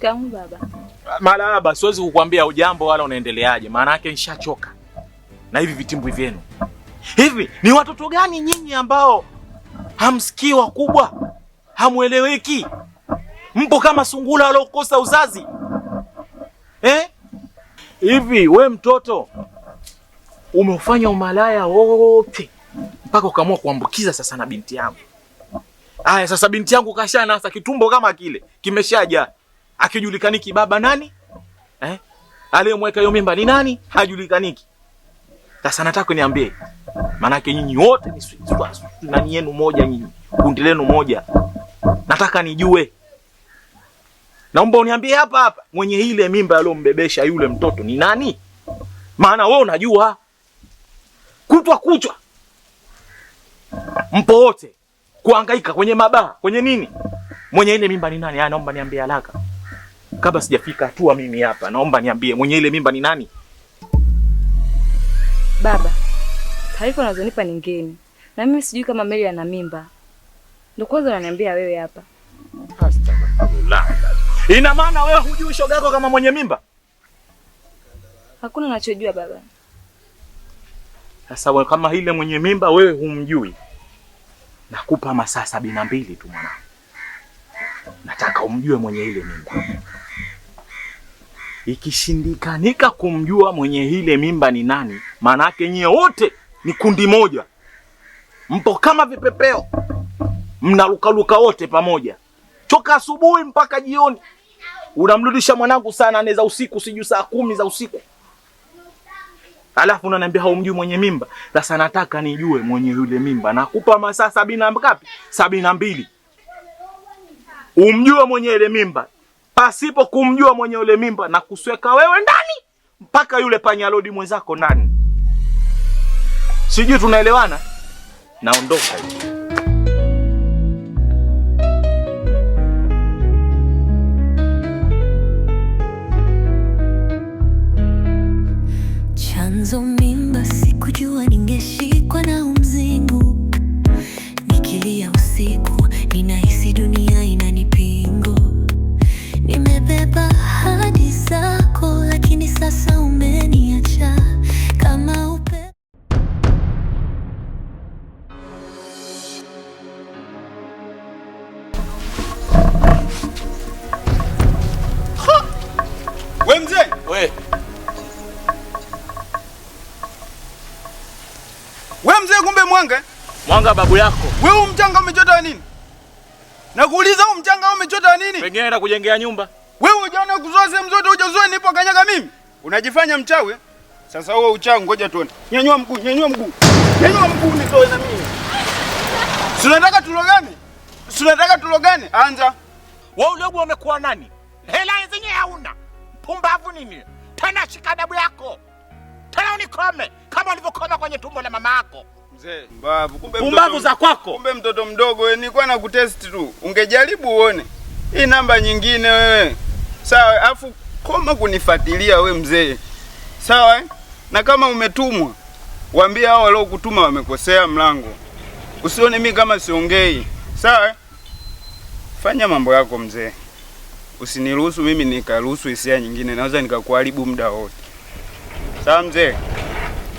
Shikamoo baba. Malaba, siwezi kukwambia ujambo wala unaendeleaje, maana yake nishachoka na hivi vitimbwi vyenu. Hivi ni watoto gani nyinyi ambao hamsikii wakubwa, hamweleweki, mpo kama sungula waliokosa uzazi eh? Hivi we mtoto umeufanya umalaya wote mpaka ukaamua kuambukiza sasa na binti yangu. Aya, sasa binti yangu kashanasa kitumbo kama kile kimeshaja akijulikaniki baba nani eh? aliyemweka hiyo mimba ni nani? Hajulikaniki. Sasa nataka niambie, maanake nyinyi wote ni nani yenu moja, nyinyi kundi lenu moja, nataka nijue, naomba uniambie hapa hapa mwenye ile mimba aliyombebesha yule mtoto ni nani? Maana wewe unajua kutwa kuchwa mpo wote kuhangaika kwenye mabaa kwenye nini, mwenye ile mimba ni nani? Naomba niambie haraka. Kabla sijafika hatua mimi hapa, naomba niambie mwenye ile mimba ni nani? Baba, taarifa unazonipa ni ngeni, na mimi sijui kama Mary ana mimba, ndio kwanza unaniambia wewe hapa. Ina maana wewe hujui shoga yako kama mwenye mimba? Hakuna nachojua baba. Sasa kama ile mwenye mimba wewe humjui, nakupa masaa sabini na mbili tu mwanangu, nataka umjue mwenye ile mimba ikishindikanika kumjua mwenye ile mimba ni nani, maana yake nyie wote ni kundi moja, mpo kama vipepeo, mnalukaluka wote pamoja, toka asubuhi mpaka jioni. Unamrudisha mwanangu sana nane za usiku, sijui saa kumi za usiku, alafu unaniambia haumjui mwenye mimba. Sasa nataka nijue mwenye yule mimba, nakupa masaa sabini na ngapi? Sabini na mbili umjue mwenye ile mimba pasipo kumjua mwenye ule mimba na kusweka wewe ndani mpaka yule panyalodi mwenzako ndani. Sijui tunaelewana? Naondoka Chanzo mimba sikujua ningeshi mzee, kumbe mwanga mwanga babu yako wewe. Huu mchanga umechota nini? Nakuuliza, huu mchanga umechota nini? Pengine enda kujengea nyumba. Wewe hujaona kuzoa sehemu zote, hujazoa nipo kanyaga mimi, unajifanya mchawi sasa. Wewe uchawi, ngoja tuone. Nyanyua mguu, nyanyua mguu, nyanyua mguu nitoe na mimi. Si unataka tulogane? Si unataka tulogane? Anza wewe. Uliogu umekuwa nani? Hela zenyewe hauna, pumbavu nini tena, shika dabu yako tena unikome kama ulivyokoma kwenye tumbo la mama yako mzee. Pumbavu za kwako. Kumbe mtoto mdogo wewe, nilikuwa na kutest tu, ungejaribu uone hii namba nyingine wewe. Sawa, afu koma kunifuatilia we mzee, sawa. Eh? Na kama umetumwa waambie hao kutuma wamekosea mlango, usione mimi kama siongei. Sawa, eh? fanya mambo yako mzee, usiniruhusu mimi nikaruhusu hisia nyingine, naweza nikakuharibu muda wote. Sawa mzee,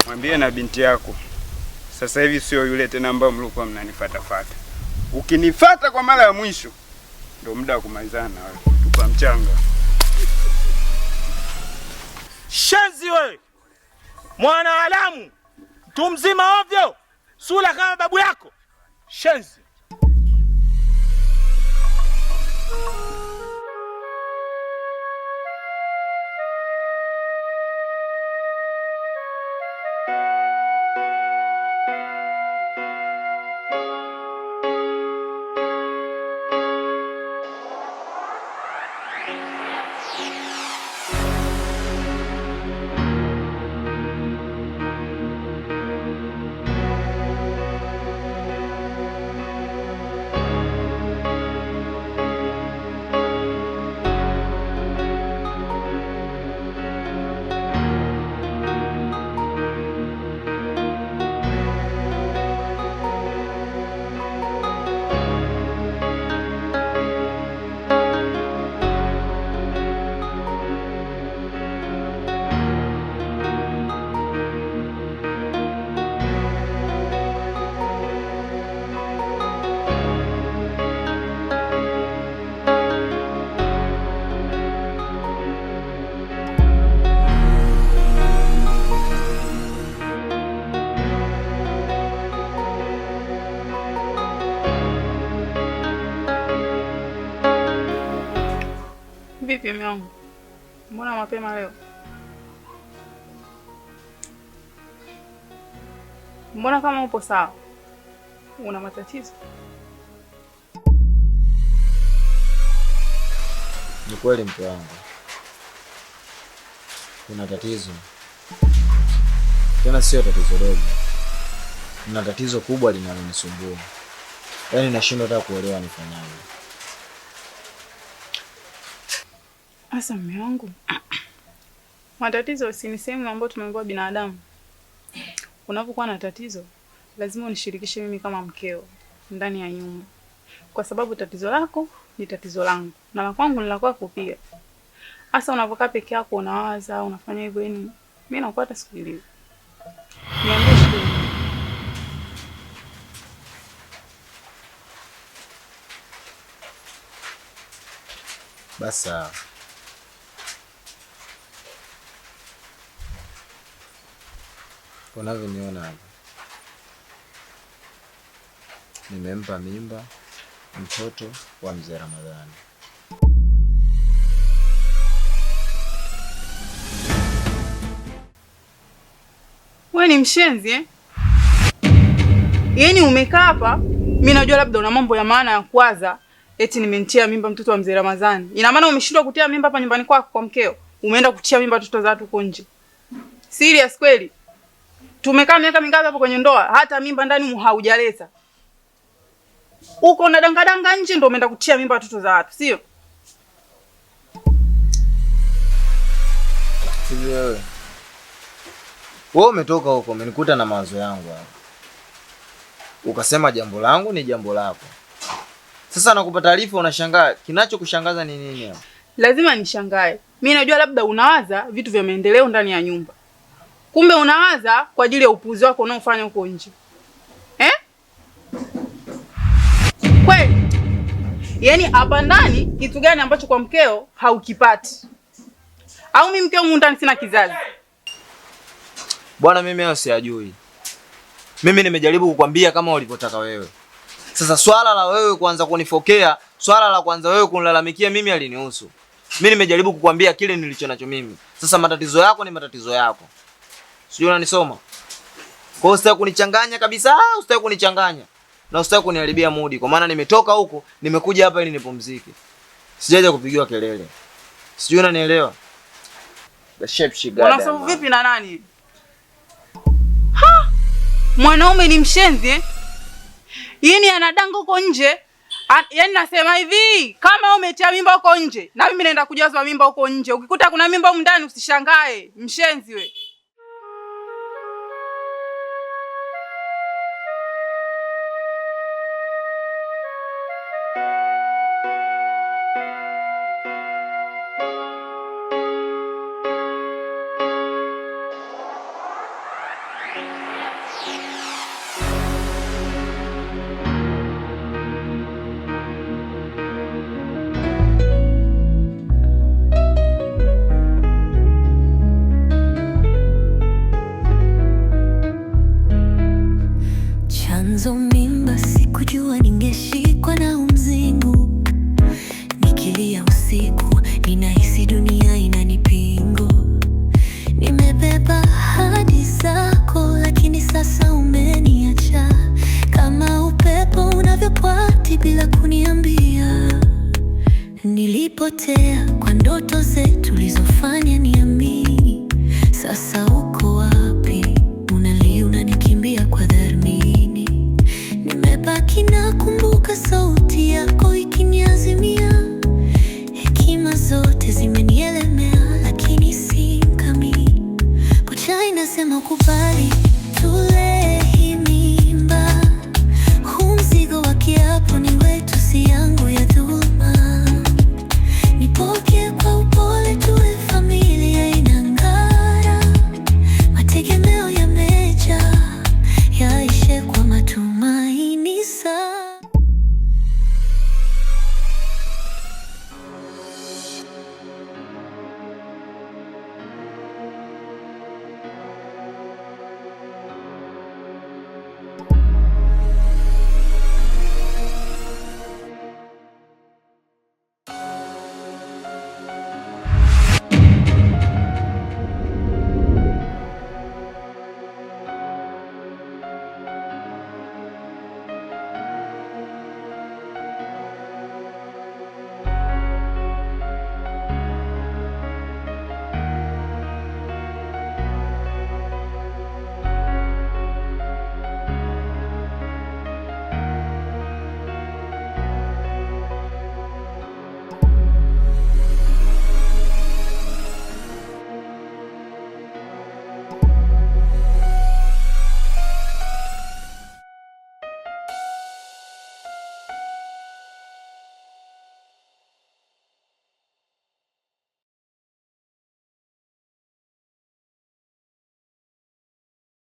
mwambie na binti yako sasa hivi sio yule tena ambayo mlikuwa mnanifatafata. Ukinifata kwa mara ya mwisho, ndio muda wa kumalizana na wewe, tupa mchanga. Shenzi wewe, mwana alamu, mtu mzima ovyo, sura kama babu yako. Shenzi. Vipi mume wangu, mbona mapema leo? Mbona kama upo sawa? Una matatizo? Ni kweli mke wangu, kuna tatizo, tena sio tatizo dogo, na tatizo kubwa linalonisumbua, yaani nashindwa hata kuelewa nifanyaje. Asa mume wangu, matatizo si ni sehemu ambayo tumekuwa binadamu. Unapokuwa na tatizo lazima unishirikishe mimi kama mkeo ndani ya nyumba, kwa sababu tatizo lako ni tatizo langu na la kwangu ni la kwako pia. Hasa unapokaa peke yako unawaza, unafanya hivyo, yani mimi nakuwa hata sikuelewi. Niambie shida. Basa unavyoniona hapa, nimempa mimba mtoto wa mzee Ramadhani. We ni mshenzi eh? Yaani umekaa hapa, mi najua labda una mambo ya maana ya kwaza eti nimemtia mimba mtoto wa mzee Ramadhani. Ina maana umeshindwa kutia mimba hapa nyumbani kwako kwa mkeo, umeenda kutia mimba watoto za watu huko nje? Serious kweli? Tumekaa miaka mingapi hapo kwenye ndoa, hata mimba ndani haujaleta. Uko na dangadanga nje ndio umeenda kutia mimba watoto za watu, sio? Wewe umetoka huko, umenikuta na mawazo yangu hapo, ukasema jambo langu ni jambo lako. Sasa nakupa taarifa, unashangaa. Kinachokushangaza ni nini hapo? Lazima nishangae mimi. Najua labda unawaza vitu vya maendeleo ndani ya nyumba kumbe unawaza kwa ajili ya upuzi wako unaofanya huko nje eh? Kweli yaani, hapa ndani kitu gani ambacho kwa mkeo haukipati? Au mi mkeo mundani sina kizazi bwana? Mimi hayo siyajui. Mimi nimejaribu kukwambia kama ulivyotaka wewe. Sasa swala la wewe kuanza kunifokea, swala la kwanza wewe kunilalamikia mimi alinihusu. Mimi nimejaribu kukwambia kile nilicho nacho mimi. Sasa matatizo yako ni matatizo yako. Sijui unanisoma. Kwa hiyo usitaki kunichanganya kabisa, usitaki kunichanganya. Na usitaki kuniharibia mudi kwa maana nimetoka huko, nimekuja hapa ili nipumzike. Sijaja kupigiwa kelele. Sijui unanielewa. The shape she got. Unasoma vipi na nani? Mwanaume ni mshenzi eh? Yini anadanga huko nje. Yaani nasema hivi, kama umetia mimba huko nje, na mimi naenda kujaza mimba huko nje. Ukikuta kuna mimba huko ndani usishangae, mshenzi wewe. hizo mimba, sikujua ningeshikwa na umzingu Nikilia usiku, ninahisi dunia inanipinga. Nimebeba ahadi zako, lakini sasa umeniacha, kama upepo unavyopati bila kuniambia. Nilipotea kwa ndoto zetu